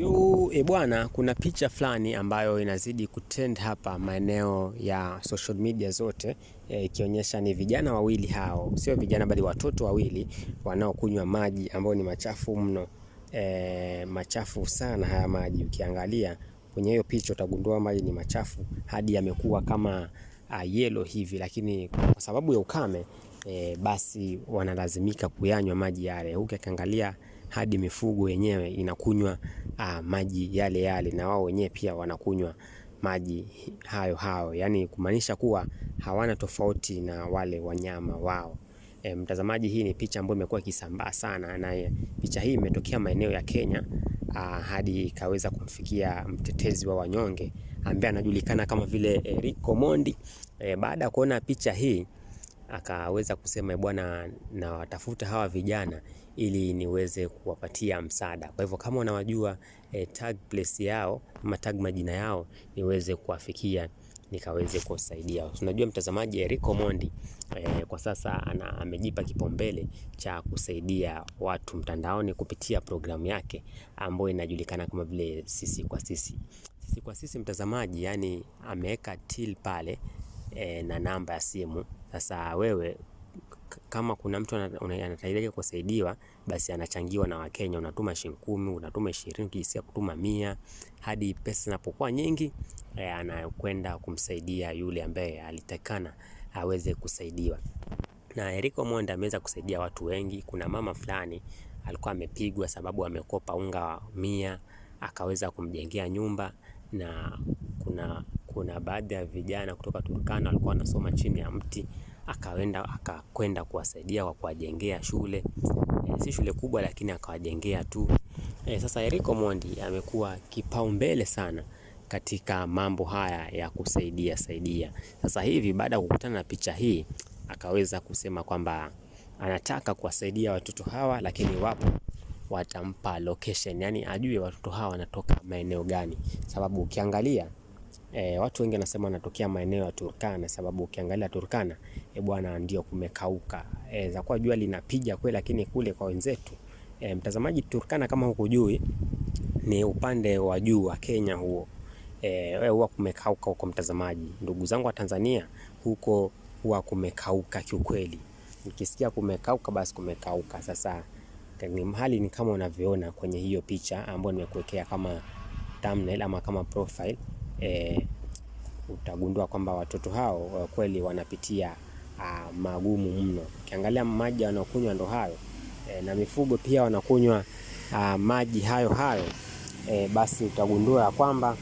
Yo, e bwana, kuna picha fulani ambayo inazidi kutend hapa maeneo ya social media zote e, ikionyesha e, ni vijana wawili hao, sio vijana bali watoto wawili wanaokunywa maji ambayo ni machafu mno. E, machafu sana haya maji. Ukiangalia kwenye hiyo picha utagundua maji ni machafu hadi yamekuwa kama a, yellow hivi, lakini kwa sababu ya ukame e, basi wanalazimika kuyanywa maji yale. Huku akiangalia hadi mifugo yenyewe inakunywa uh, maji yale yale, na wao wenyewe pia wanakunywa maji hayo hayo, yaani kumaanisha kuwa hawana tofauti na wale wanyama wao. E, mtazamaji, hii ni picha ambayo imekuwa ikisambaa sana na picha hii imetokea maeneo ya Kenya uh, hadi ikaweza kumfikia mtetezi wa wanyonge ambaye anajulikana kama vile Eric eh, Omondi. E, baada ya kuona picha hii akaweza kusema bwana, nawatafuta hawa vijana ili niweze kuwapatia msaada. Kwa hivyo kama unawajua eh, tag place yao ama tag majina yao niweze kuwafikia nikaweze kusaidia. Unajua mtazamaji, Erico Mondi eh, kwa sasa ana, amejipa kipaumbele cha kusaidia watu mtandaoni kupitia programu yake ambayo inajulikana kama vile sisi kwa sisi. Sisi kwa sisi mtazamaji, yani ameweka till pale eh, na namba ya simu sasa wewe kama kuna mtu anatakiwa kusaidiwa, basi anachangiwa na Wakenya, unatuma shilingi kumi, unatuma ishirini, ukijisikia kutuma mia, hadi pesa zinapokuwa nyingi, eh, anakwenda kumsaidia yule ambaye alitakana aweze kusaidiwa. Na Eriko Omondi ameweza kusaidia watu wengi. Kuna mama fulani alikuwa amepigwa sababu amekopa unga mia, akaweza kumjengea nyumba na kuna kuna baadhi ya vijana kutoka Turkana walikuwa wanasoma chini ya mti, akaenda akakwenda kuwasaidia kwa kuwajengea shule e, si shule kubwa, lakini akawajengea tu e. Sasa Eriko Mondi amekuwa kipaumbele sana katika mambo haya ya kusaidia saidia. Sasa hivi baada ya kukutana na picha hii akaweza kusema kwamba anataka kuwasaidia watoto hawa, lakini wapo watampa location, yani ajue watoto hawa wanatoka maeneo gani, sababu ukiangalia E, watu wengi wanasema anatokea maeneo ya Turkana sababu ukiangalia Turkana e, bwana ndio kumekauka. E, za kwa jua linapiga kweli, lakini kule kwa wenzetu e, mtazamaji, Turkana kama hukujui ni upande wa juu wa Kenya huo e, huwa kumekauka huko mtazamaji, ndugu zangu wa Tanzania, huko huwa kumekauka kiukweli. Nikisikia kumekauka, basi kumekauka. Sasa ni mahali ni kama unavyoona kwenye hiyo picha ambayo nimekuwekea kama thumbnail ama kama profile e, utagundua kwamba watoto hao eh, kweli wanapitia a, ah, magumu mno. Ukiangalia maji wanaokunywa ndo hayo e, na mifugo pia wanakunywa ah, maji hayo hayo e, basi utagundua ya kwamba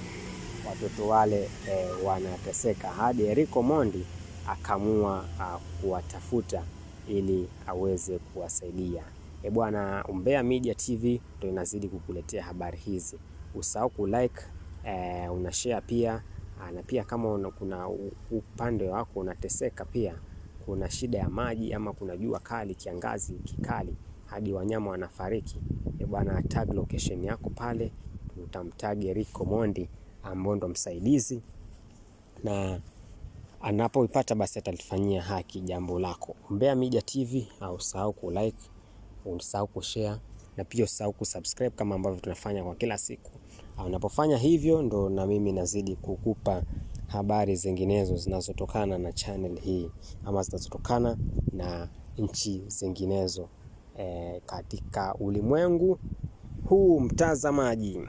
watoto wale e, wanateseka hadi Eriko Mondi akamua ah, kuwatafuta ili aweze kuwasaidia. E bwana, Umbea Media TV ndio inazidi kukuletea habari hizi. Usahau like Eh, una share pia ah, na pia kama kuna upande wako unateseka pia, kuna shida ya maji ama kuna jua kali, kiangazi kikali hadi wanyama wanafariki, e bwana, tag location yako pale, utamtag Eric Mondi ambaye ndo msaidizi, na anapoipata basi atalifanyia haki jambo lako. Umbea Media TV, au usahau ku like, usahau share na pia usahau subscribe kama ambavyo tunafanya kwa kila siku. Unapofanya hivyo ndo na mimi nazidi kukupa habari zinginezo zinazotokana na channel hii ama zinazotokana na nchi zinginezo e, katika ulimwengu huu mtazamaji.